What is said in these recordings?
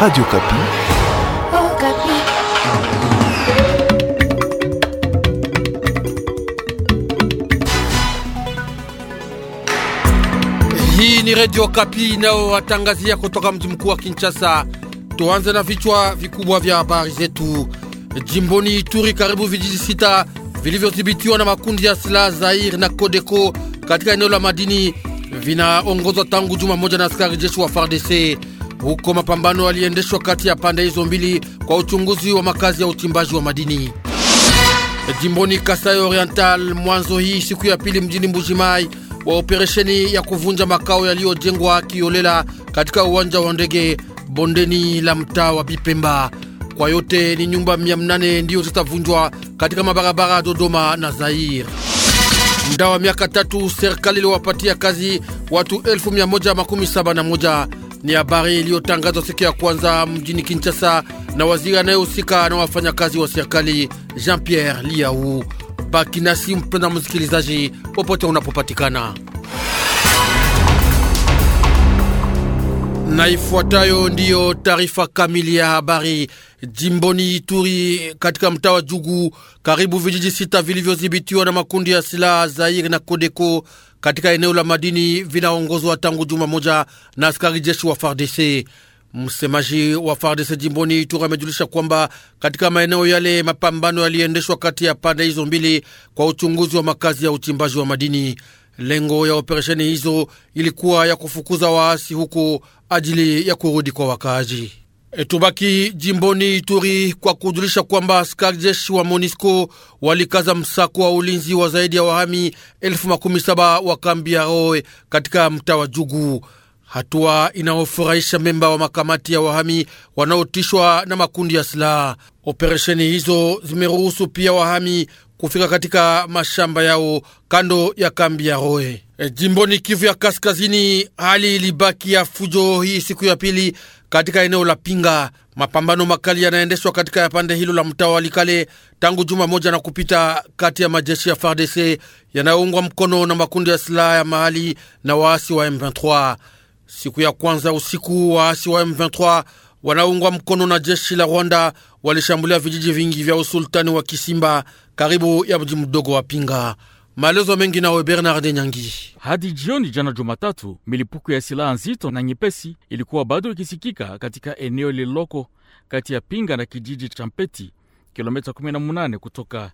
Radio Kapi. Oh, Kapi. Hii ni Radio Kapi nao watangazia kutoka mji mkuu wa Kinshasa. Tuanze na vichwa vikubwa vya habari zetu. Jimboni Ituri karibu vijiji sita vilivyodhibitiwa na makundi ya silaha Zair na Kodeko katika eneo la madini vinaongozwa tangu juma moja na askari jeshi wa FARDC. Huko mapambano yaliendeshwa kati ya pande hizo mbili kwa uchunguzi wa makazi ya uchimbaji wa madini. Jimboni Kasai Oriental, mwanzo hii siku ya pili mjini Mbujimai wa operesheni ya kuvunja makao yaliyojengwa kiolela katika uwanja wa ndege bondeni la mtaa wa Bipemba. Kwa yote ni nyumba 800 ndiyo zitavunjwa katika mabarabara ya Dodoma na zair mda wa miaka tatu serikali iliwapatia kazi watu 1171 ni habari iliyotangazwa siku ya kwanza mjini Kinshasa na waziri anayehusika na wafanyakazi wa serikali Jean-Pierre Liau. Baki nasi mpenda msikilizaji, popote unapopatikana. Na ifuatayo ndiyo taarifa kamili ya habari. Jimboni Ituri, katika mtaa wa Jugu, karibu vijiji sita vilivyodhibitiwa na makundi ya silaha Zaire na Kodeko katika eneo la madini vinaongozwa tangu juma moja na askari jeshi wa FARDC. Msemaji wa FARDC jimboni Ituri amejulisha kwamba katika maeneo yale mapambano yaliendeshwa kati ya pande hizo mbili kwa uchunguzi wa makazi ya uchimbaji wa madini. Lengo ya operesheni hizo ilikuwa ya kufukuza waasi huko ajili ya kurudi kwa wakaaji. E, tubaki jimboni Ituri kwa kujulisha kwamba askari jeshi wa MONISCO walikaza msako wa ulinzi wa zaidi ya wahami elfu makumi saba wa kambi ya Roe katika mtaa wa Jugu, hatua inayofurahisha memba wa makamati ya wahami wanaotishwa na makundi ya silaha. Operesheni hizo zimeruhusu pia wahami kufika katika mashamba yao kando ya kambi ya Roe. E, jimboni Kivu ya Kaskazini, hali ilibaki ya fujo hii siku ya pili katika eneo la Pinga. Mapambano makali yanaendeshwa katika ya pande hilo la mtaa wa Likale tangu juma moja na kupita, kati ya majeshi ya FARDC yanayoungwa mkono na makundi ya silaha ya mahali na waasi wa M23. Siku ya kwanza usiku, waasi wa M23 wanaungwa mkono na jeshi la Rwanda walishambulia vijiji vingi vya usultani wa Kisimba karibu ya mji mdogo wa Pinga. Maelezo mengi nawe Bernard Nyangi. Hadi jioni jana Jumatatu, milipuko ya silaha nzito na nyepesi ilikuwa bado ikisikika katika eneo lililoko kati ya Pinga na kijiji cha Mpeti, kilomita 18 kutoka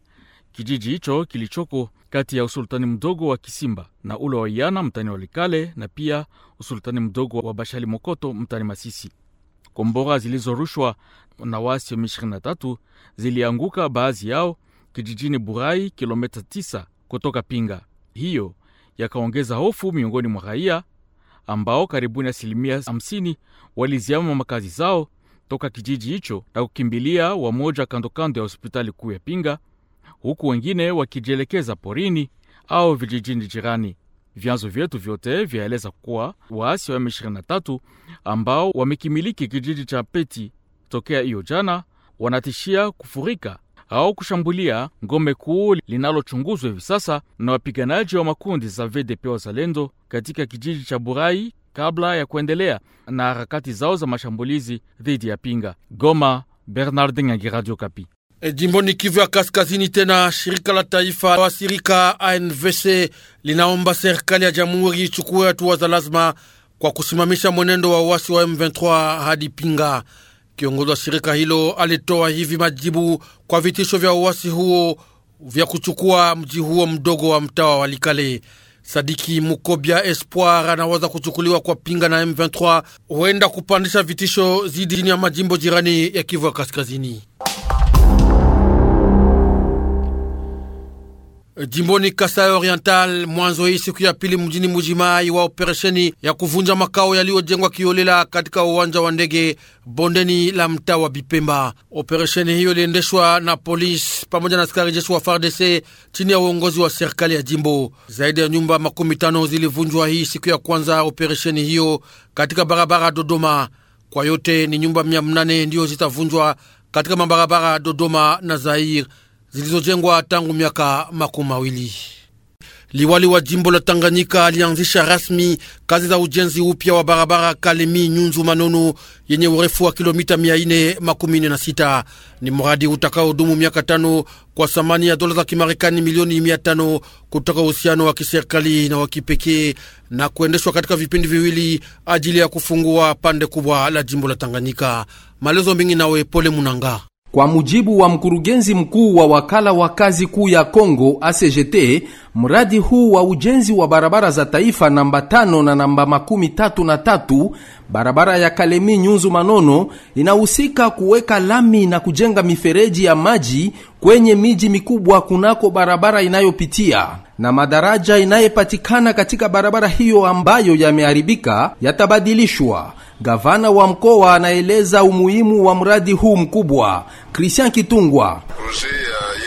kijiji hicho kilichoko kati ya usultani mdogo wa Kisimba na ule wa Iana mtani wa Likale na pia usultani mdogo wa Bashali Mokoto mtani Masisi. Kombora zilizorushwa na waasi wa M23 zilianguka baadhi yao kijijini Burai, kilomita 9 kutoka Pinga. Hiyo yakaongeza hofu miongoni mwa raia ambao karibuni asilimia 50 waliziama makazi zao toka kijiji hicho na kukimbilia wamoja kandokando ya hospitali kuu ya Pinga, huku wengine wakijielekeza porini au vijijini jirani. Vyanzo vyetu vyote vyaeleza kuwa waasi wa M23 ambao wamekimiliki kijiji cha Peti tokea hiyo jana wanatishia kufurika au kushambulia ngome kuu linalochunguzwa hivi sasa na wapiganaji wa makundi za VDP Wazalendo katika kijiji cha Burai kabla ya kuendelea na harakati zao za mashambulizi dhidi ya Pinga. Goma, Bernard Agi, Radio Kapi. E, eh, jimboni Kivu ya Kaskazini, tena shirika la taifa wasirika ANVC linaomba serikali ya jamhuri ichukue hatua za lazima kwa kusimamisha mwenendo wa uasi wa M23 hadi Pinga. Kiongozi wa shirika hilo alitoa hivi majibu kwa vitisho vya uasi huo vya kuchukua mji huo mdogo wa mtawa wa Likale. Sadiki Mukobya Espoir anawaza kuchukuliwa kwa Pinga na M23 huenda kupandisha vitisho zidi ya majimbo jirani ya Kivu ya Kaskazini. Eh, jimboni Kasai Oriental, mwanzo hii siku ya pili mjini Mujimai wa operesheni ya kuvunja makao yaliyojengwa kiolela katika uwanja wa ndege bondeni la mtaa wa Bipemba. Operesheni hiyo iliendeshwa na polisi pamoja na askari jeshi wa FARDC chini ya uongozi wa serikali ya jimbo. Zaidi ya nyumba makumi tano zilivunjwa hii siku ya kwanza operesheni hiyo katika barabara Dodoma. Kwa yote ni nyumba mia mnane ndiyo zitavunjwa katika mabarabara Dodoma na Zaire zilizojengwa tangu miaka makumi mawili. Liwali wa jimbo la Tanganyika alianzisha rasmi kazi za ujenzi upya wa barabara Kalemi Nyunzu Manono yenye urefu wa kilomita 446. Ni mradi utakaodumu miaka tano kwa thamani ya dola za Kimarekani milioni 500 kutoka uhusiano wa kiserikali na wa kipekee na kuendeshwa katika vipindi viwili ajili ya kufungua pande kubwa la jimbo la Tanganyika. Maelezo mengi nawe Pole Munanga. Kwa mujibu wa mkurugenzi mkuu wa wakala wa kazi kuu ya Kongo ACGT, Mradi huu wa ujenzi wa barabara za taifa namba tano na namba makumi tatu na tatu, barabara ya Kalemi Nyunzu Manono inahusika kuweka lami na kujenga mifereji ya maji kwenye miji mikubwa kunako barabara inayopitia na madaraja inayepatikana katika barabara hiyo ambayo yameharibika yatabadilishwa. Gavana wa mkoa anaeleza umuhimu wa mradi huu mkubwa. Christian Kitungwa: proje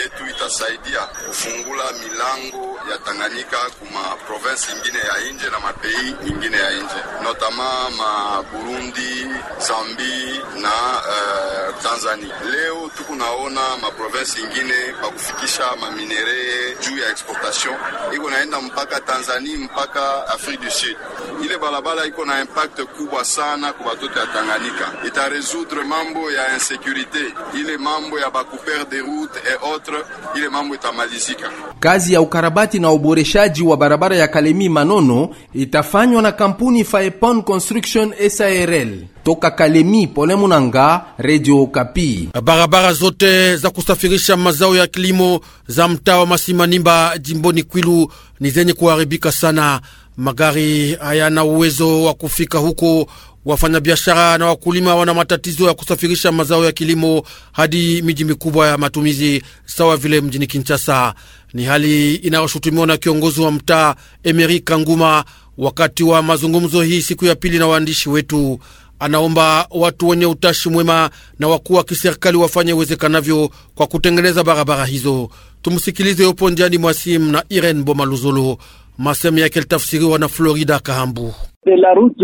yetu itasaidia kufungula milango Tanganyika kuma province ingine ya nje na mapei ingine ya nje notama ma Burundi, Zambi na uh, Tanzania. Leo tukunaona ma province ingine pakufikisha maminere juu ya exportation iko naenda mpaka Tanzania mpaka Afrique du Sud. Ile balabala iko na impact kubwa sana kwa watoto ya Tanganyika, itaresoudre mambo ya insécurité, ile mambo ya bakuper de route et autres, ile mambo itamalizika. Kazi ya ukarabati na uboreshaji wa barabara ya Kalemi Manono itafanywa na kampuni Faepon Construction SARL toka Kalemi. Pole Munanga, Radio Kapi. Barabara zote za kusafirisha mazao ya kilimo za mtaa wa Masimanimba jimboni Kwilu ni zenye kuharibika sana. Magari hayana uwezo wa kufika huko Wafanyabiashara na wakulima wana matatizo ya kusafirisha mazao ya kilimo hadi miji mikubwa ya matumizi sawa vile mjini Kinshasa. Ni hali inayoshutumiwa na kiongozi wa mtaa Emeri Kanguma wakati wa mazungumzo hii siku ya pili na waandishi wetu. Anaomba watu wenye utashi mwema na wakuu wa kiserikali wafanye uwezekanavyo kwa kutengeneza barabara hizo. Tumsikilize Yopo Ndiani Mwasim na Irene Bomaluzolo. Masemu yake litafsiriwa na Florida Kahambu.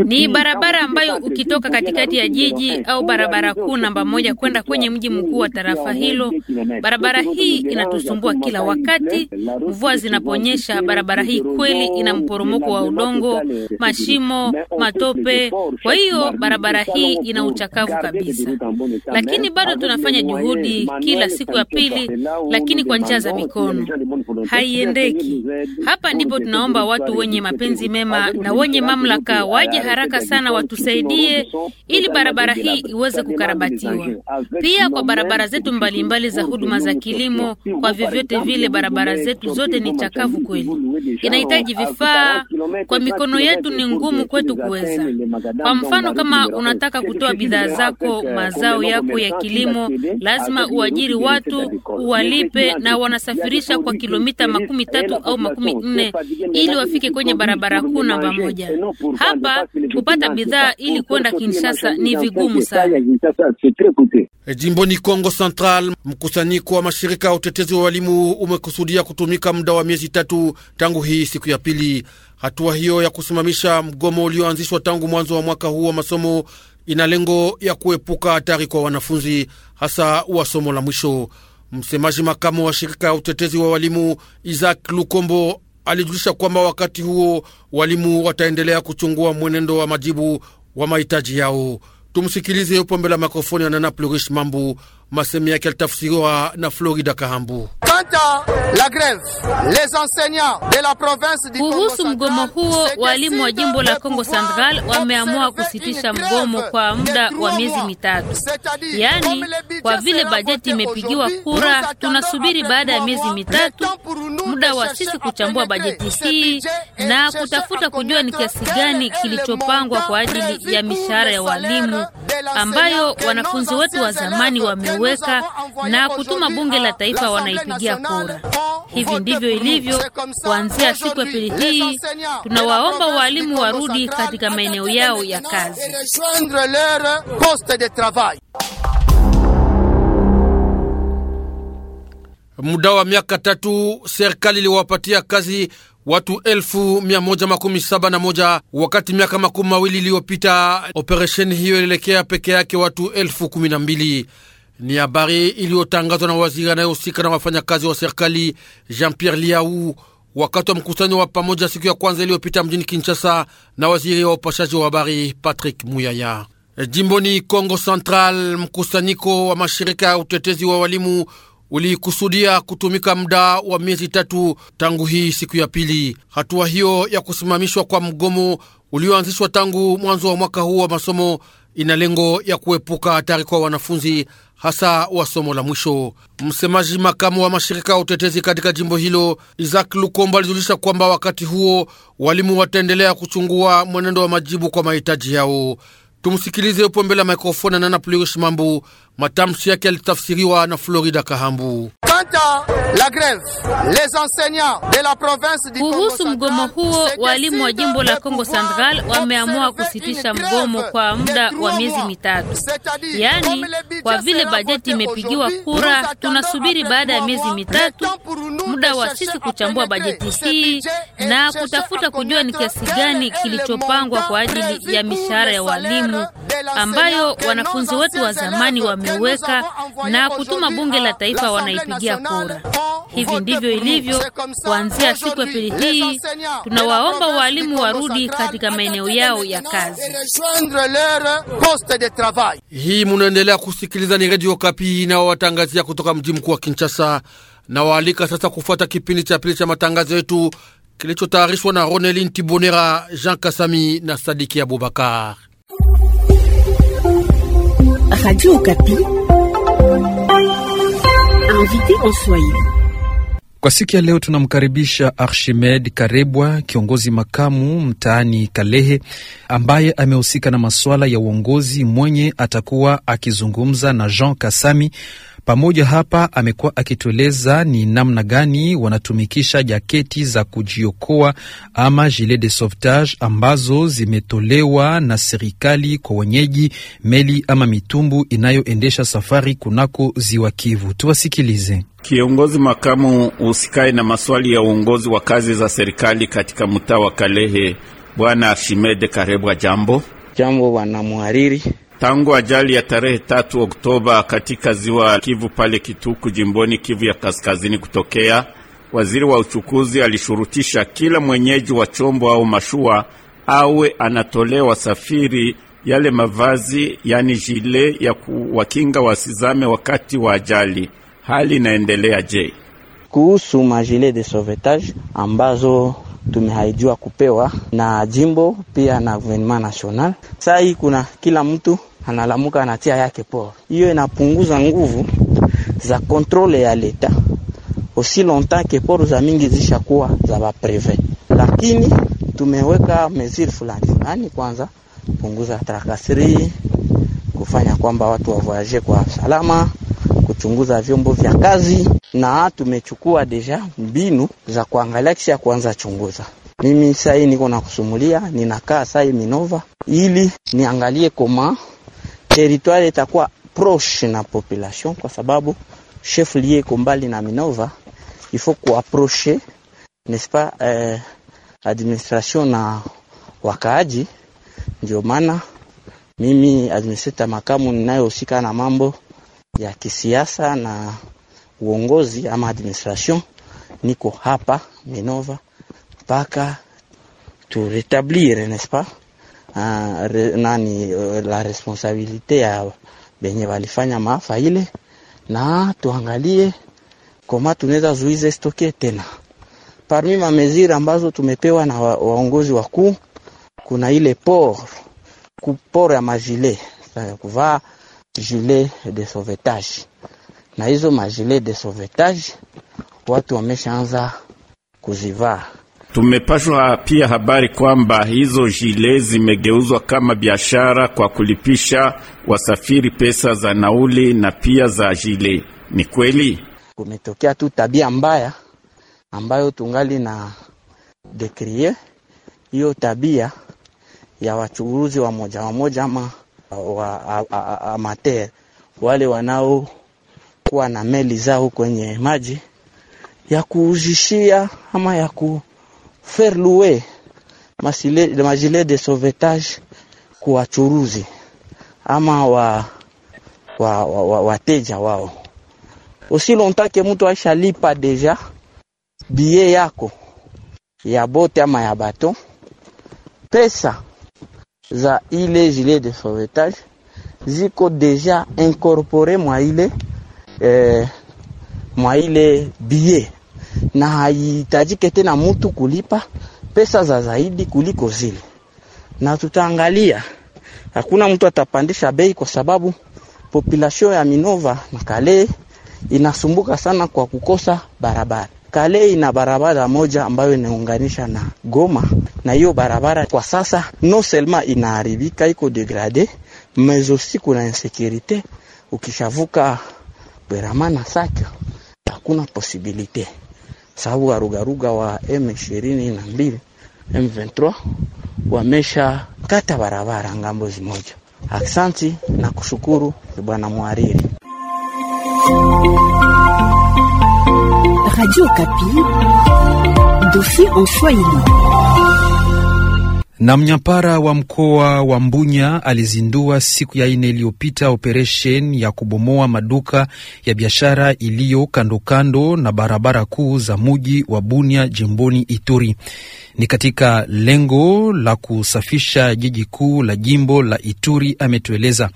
Ni barabara ambayo ukitoka katikati ya jiji au barabara kuu namba moja kwenda kwenye mji mkuu wa tarafa hilo. Barabara hii inatusumbua kila wakati. Mvua zinaponyesha, barabara hii kweli ina mporomoko wa udongo, mashimo, matope. Kwa hiyo barabara hii ina uchakavu kabisa, lakini bado tunafanya juhudi kila siku ya pili, lakini kwa njia za mikono haiendeki. Hapa ndipo tunaomba watu wenye mapenzi mema na wenye mamlaka haraka, waje haraka sana watusaidie ili barabara hii iweze kukarabatiwa. Pia kwa barabara zetu mbalimbali za huduma za kilimo, kwa vyovyote vile barabara zetu zote ni chakavu kweli, inahitaji vifaa. Kwa mikono yetu ni ngumu kwetu kuweza. Kwa mfano, kama unataka kutoa bidhaa zako, mazao yako ya kilimo, lazima uajiri watu, uwalipe, na wanasafirisha kwa kilomita makumi tatu au makumi nne ili wafike kwenye barabara kuu namba moja. Hapa kupata bidhaa ili kwenda Kinshasa ni vigumu sana. E, Jimboni Kongo Central, mkusanyiko wa mashirika ya utetezi wa walimu umekusudia kutumika muda wa miezi tatu tangu hii siku ya pili. Hatua hiyo ya kusimamisha mgomo ulioanzishwa tangu mwanzo wa mwaka huu wa masomo ina lengo ya kuepuka hatari kwa wanafunzi, hasa wa somo la mwisho. Msemaji makamu wa shirika ya utetezi wa walimu Isaac Lukombo alijulisha kwamba wakati huo walimu wataendelea kuchungua mwenendo wa majibu wa mahitaji yao. Tumsikilize yupo mbele ya mikrofoni ya Nana Plurish Mambu Masemi yake alitafsiriwa na Florida Kahambu. Kuhusu mgomo huo, walimu wa jimbo la congo Central wameamua kusitisha mgomo kwa muda wa miezi mitatu, yaani kwa vile bajeti imepigiwa kura, tunasubiri baada ya miezi mitatu, muda wa sisi kuchambua bajeti hii na kutafuta kujua ni kiasi gani kilichopangwa kwa ajili ya mishahara ya walimu ambayo wanafunzi wetu wa zamani wame kuweka na kutuma bunge la taifa wanaipigia kura. Hivi ndivyo ilivyo kuanzia siku ya pili hii. Tunawaomba walimu warudi katika maeneo yao ya kazi. Muda wa miaka tatu serikali iliwapatia kazi watu elfu mia moja makumi saba na moja wakati miaka makumi mawili iliyopita operesheni hiyo ilielekea peke yake watu elfu kumi na mbili. Ni habari iliyotangazwa na waziri anayehusika na wafanyakazi wa serikali Jean-Pierre Liau wakati wa mkusanyo wa pamoja siku ya kwanza iliyopita mjini Kinshasa na waziri wa upashaji wa habari Patrick Muyaya. E, jimboni congo Central, mkusanyiko wa mashirika ya utetezi wa walimu ulikusudia kutumika muda wa miezi tatu tangu hii siku ya pili. Hatua hiyo ya kusimamishwa kwa mgomo ulioanzishwa tangu mwanzo wa mwaka huu wa masomo ina lengo ya kuepuka hatari kwa wanafunzi hasa wa somo la mwisho. Msemaji makamu wa mashirika ya utetezi katika jimbo hilo Isaac Lukombo alijulisha kwamba wakati huo walimu wataendelea kuchungua mwenendo wa majibu kwa mahitaji yao. Tumsikilize upo mbele ya mikrofoni na Nana Mambu, Matamshi yake yalitafsiriwa na Florida Kahambu. Kuhusu mgomo huo, walimu wa jimbo la congo Central wameamua kusitisha mgomo kwa muda wa miezi mitatu, yaani kwa vile bajeti imepigiwa kura, tunasubiri baada ya miezi mitatu, muda wa sisi kuchambua bajeti hii na kutafuta kujua ni kiasi gani kilichopangwa kwa ajili ya mishahara ya walimu ambayo wanafunzi wetu wa zamani wa ameweka na kutuma bunge la taifa wanaipigia kura. Hivi ndivyo ilivyo kuanzia siku ya pili hii. Tunawaomba walimu warudi katika maeneo yao ya kazi. Hii munaendelea kusikiliza, ni Radio Kapi inayowatangazia kutoka mji mkuu wa Kinshasa na waalika sasa kufuata kipindi cha pili cha matangazo yetu kilichotayarishwa na Ronelin Tibonera, Jean Kasami na Sadiki Abubakar. Radio Okapi invité en Swahili. Kwa siku ya leo tunamkaribisha Archimed Karebwa, kiongozi makamu mtaani Kalehe, ambaye amehusika na masuala ya uongozi, mwenye atakuwa akizungumza na Jean Kasami pamoja hapa amekuwa akitueleza ni namna gani wanatumikisha jaketi za kujiokoa ama gilet de sauvetage ambazo zimetolewa na serikali kwa wenyeji meli ama mitumbu inayoendesha safari kunako ziwa Kivu. Tuwasikilize. Kiongozi makamu usikae na maswali ya uongozi wa kazi za serikali katika mtaa wa Kalehe, Bwana Arshimede Karebwa, jambo jambo. Bwana Tangu ajali ya tarehe tatu Oktoba katika ziwa Kivu pale Kituku jimboni Kivu ya kaskazini kutokea, waziri wa uchukuzi alishurutisha kila mwenyeji wa chombo au mashua awe anatolea wasafiri yale mavazi yani jile ya kuwakinga wasizame wakati wa ajali. Hali inaendelea je? Kuhusu majile de sauvetage ambazo tumehaijua kupewa na jimbo pia na gouvernement national, saa hii kuna kila mtu analamuka anatia yake poro. Hiyo inapunguza nguvu za kontrole ya leta aussi longtemps que poro za mingi zishakuwa za ba bapreve, lakini tumeweka mesure fulani fulani, kwanza punguza trakasiri, kufanya kwamba watu wavoyaje kwa salama, kuchunguza vyombo vya kazi, na tumechukua deja mbinu za kuangalia kisha kuanza chunguza mimi sai niko na kusumulia, ninakaa sai Minova ili niangalie koma teritwari itakuwa proche na population, kwa sababu chef lieu iko mbali na Minova, ifo kuaproche pas eh, administration na wakaaji. Ndio maana mimi administrateur makamu ninayohusika na mambo ya kisiasa na uongozi ama administration, niko hapa Minova mpaka n'est-ce pas Ah, re, nani eh, la responsabilite ya benye walifanya maafa ile, na tuangalie koma tunaweza zuiza stoke tena. Parmi mamezira ambazo tumepewa na wa, waongozi wakuu kuna ile por port ya majile kuvaa gilet de sauvetage, na hizo majile de sauvetage watu wameshaanza kuzivaa. Tumepashwa pia habari kwamba hizo jile zimegeuzwa kama biashara kwa kulipisha wasafiri pesa za nauli na pia za jile. Ni kweli kumetokea tu tabia mbaya ambayo tungali na dekrie hiyo tabia ya wachuguruzi wa moja wa moja ama wa amateur wale wanaokuwa na meli zao kwenye maji ya kuuzishia ama ya ku faire louer majile de sauvetage kuwachuruzi ama wa wateja wa, wa, wao osi lonta ke mtu aishalipa deja bie yako ya bote ama ya bato pesa za ile gilet de sauvetage ziko deja incorpore mwa ile eh, mwa ile bie na haitajike tena mtu kulipa pesa za zaidi kuliko zile, na tutaangalia, hakuna mtu atapandisha bei kwa sababu population ya Minova na Kale inasumbuka sana kwa kukosa barabara. Kale ina barabara moja ambayo inaunganisha na Goma, na hiyo barabara kwa sasa no selma inaharibika, iko degrade mezosi, kuna insekurite ukishavuka Beramana na Sakyo hakuna posibilite sababu warugaruga wa m na M23 wamesha kata barabara ngambo zimoja. Aksanti na kushukuru bwana mwariri. Radio Kapi, dossier en Swahili. Na mnyapara wa mkoa wa Mbunya alizindua siku ya ine iliyopita operesheni ya kubomoa maduka ya biashara iliyo kandokando na barabara kuu za muji wa Bunia jimboni Ituri. Ni katika lengo la kusafisha jiji kuu la jimbo la Ituri, ametueleza.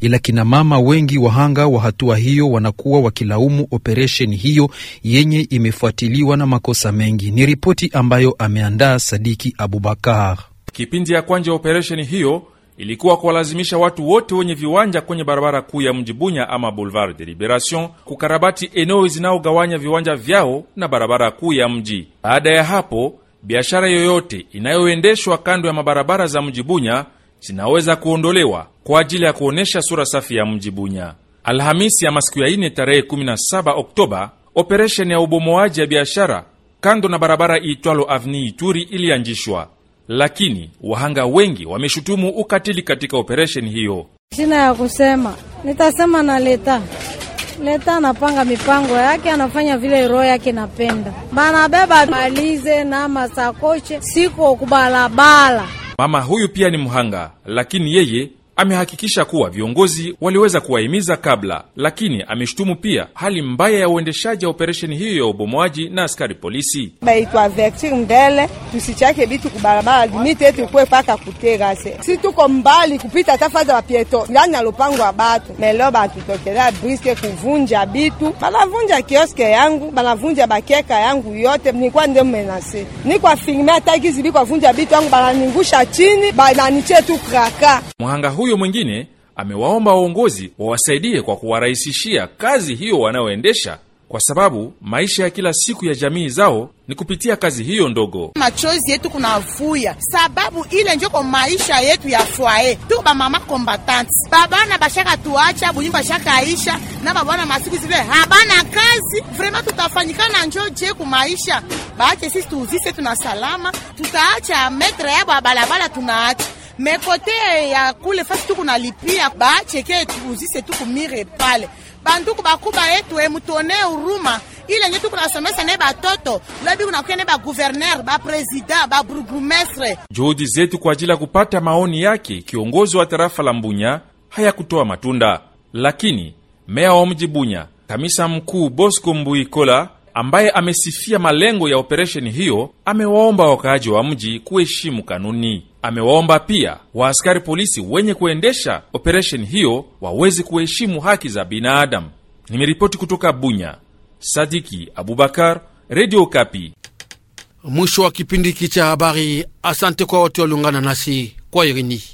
Ila kinamama wengi wahanga wa hatua hiyo wanakuwa wakilaumu operesheni hiyo yenye imefuatiliwa na makosa mengi. Ni ripoti ambayo ameandaa Sadiki Abubakar. Kipindi ya kwanja ya operesheni hiyo ilikuwa kuwalazimisha watu wote wenye viwanja kwenye barabara kuu ya mji Bunya ama Boulevard de Liberation kukarabati eneo zinaogawanya viwanja vyao na barabara kuu ya mji. Baada ya hapo, biashara yoyote inayoendeshwa kando ya mabarabara za mji Bunya zinaweza kuondolewa kwa ajili ya kuonyesha sura safi ya mji Bunya. Alhamisi ya masiku ya ine tarehe 17 Oktoba, operesheni ya ubomoaji ya biashara kando na barabara iitwalo Avni Ituri ilianjishwa lakini wahanga wengi wameshutumu ukatili katika operesheni hiyo. Sina ya kusema, nitasema na leta leta anapanga mipango yake, anafanya vile roho yake napenda, banabeba malize na masakoche siko kubalabala. Mama huyu pia ni mhanga, lakini yeye Amehakikisha kuwa viongozi waliweza kuwahimiza kabla, lakini ameshutumu pia hali mbaya ya uendeshaji wa operesheni hiyo ya ubomoaji na askari polisi. baitwavertir mbele tusichake bitu kubarabara limite yetu ikuwe paka kuterase si tuko mbali kupita ndani ya lupango wa batu meleo batutokelea briske kuvunja bitu banavunja kioske yangu banavunja bakeka yangu yote nikwa nde nikwa bitu yangu bananingusha chini bananiche tu kraka Muhanga huyo mwingine amewaomba waongozi wawasaidie kwa kuwarahisishia kazi hiyo wanayoendesha, kwa sababu maisha ya kila siku ya jamii zao ni kupitia kazi hiyo ndogo. Machozi yetu kunavuya sababu ile njoko maisha yetu ya fwaye tuko bamama kombatanti, babana bashaka tuacha bunyumba shaka aisha na babana masiku zile habana kazi vrema, tutafanyikana njoje ku maisha baache sisi tuuzise, tuna salama tutaacha metre yabo ya balabala tunaacha mekote ya kule fasi tu kunalipia baacheke tuzise tu kumire pale banduku bakuba yetu emutone eh, uruma ile nye tukunasomesa ne batoto lobi kunakuya ne baguverner baprezida baburgumestre. Juhudi zetu kwa ajili ya kupata maoni yake kiongozi wa tarafa la Mbunya hayakutoa matunda, lakini meya wa mji Bunya kamisa mkuu Bosco Mbuikola ambaye amesifia malengo ya operesheni hiyo, amewaomba wakaaji wa mji kuheshimu kanuni. Amewaomba pia waaskari polisi wenye kuendesha operesheni hiyo waweze kuheshimu haki za binadamu. Nimeripoti kutoka Bunya, Sadiki Abubakar, Redio Kapi. Mwisho wa kipindi hiki cha habari. Asante kwa wote waliungana nasi kwa irini.